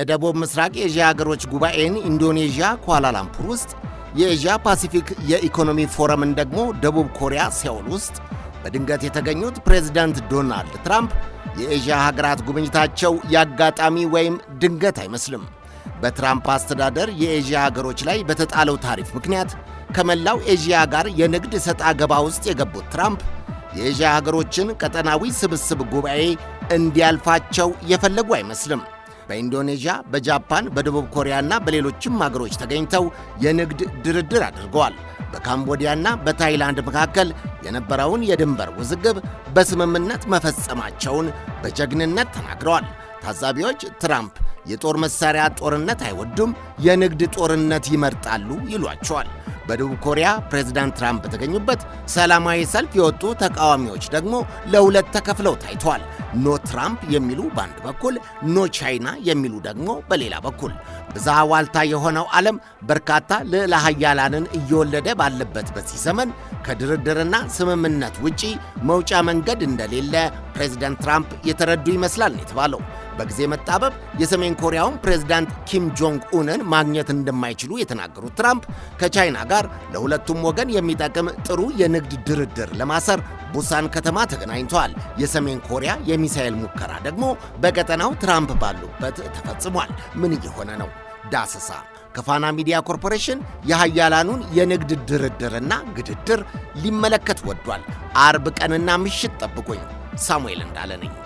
የደቡብ ምስራቅ ኤዥያ ሀገሮች ጉባኤን ኢንዶኔዥያ ኳላላምፑር ውስጥ፣ የኤዥያ ፓሲፊክ የኢኮኖሚ ፎረምን ደግሞ ደቡብ ኮሪያ ሴውል ውስጥ በድንገት የተገኙት ፕሬዝዳንት ዶናልድ ትራምፕ የኤዥያ ሀገራት ጉብኝታቸው ያጋጣሚ ወይም ድንገት አይመስልም። በትራምፕ አስተዳደር የኤዥያ ሀገሮች ላይ በተጣለው ታሪፍ ምክንያት ከመላው ኤዥያ ጋር የንግድ ሰጣ ገባ ውስጥ የገቡት ትራምፕ የኤዥያ ሀገሮችን ቀጠናዊ ስብስብ ጉባኤ እንዲያልፋቸው የፈለጉ አይመስልም። በኢንዶኔዥያ፣ በጃፓን፣ በደቡብ ኮሪያና በሌሎችም አገሮች ተገኝተው የንግድ ድርድር አድርገዋል። በካምቦዲያና በታይላንድ መካከል የነበረውን የድንበር ውዝግብ በስምምነት መፈጸማቸውን በጀግንነት ተናግረዋል። ታዛቢዎች ትራምፕ የጦር መሳሪያ ጦርነት አይወዱም፣ የንግድ ጦርነት ይመርጣሉ ይሏቸዋል። በደቡብ ኮሪያ ፕሬዝዳንት ትራምፕ በተገኙበት ሰላማዊ ሰልፍ የወጡ ተቃዋሚዎች ደግሞ ለሁለት ተከፍለው ታይተዋል። ኖ ትራምፕ የሚሉ በአንድ በኩል፣ ኖ ቻይና የሚሉ ደግሞ በሌላ በኩል። ብዝሃ ዋልታ የሆነው ዓለም በርካታ ልዕለ ሀያላንን እየወለደ ባለበት በዚህ ዘመን ከድርድርና ስምምነት ውጪ መውጫ መንገድ እንደሌለ ፕሬዝዳንት ትራምፕ የተረዱ ይመስላል ነው የተባለው። በጊዜ መጣበብ የሰሜን ኮሪያውን ፕሬዝዳንት ኪም ጆንግ ኡንን ማግኘት እንደማይችሉ የተናገሩት ትራምፕ ከቻይና ጋር ለሁለቱም ወገን የሚጠቅም ጥሩ የንግድ ድርድር ለማሰር ቡሳን ከተማ ተገናኝተዋል። የሰሜን ኮሪያ የሚሳኤል ሙከራ ደግሞ በቀጠናው ትራምፕ ባሉበት ተፈጽሟል። ምን እየሆነ ነው? ዳሰሳ ከፋና ሚዲያ ኮርፖሬሽን የሀያላኑን የንግድ ድርድርና ግድድር ሊመለከት ወዷል። አርብ ቀንና ምሽት ጠብቁኝ። ሳሙኤል እንዳለ ነኝ።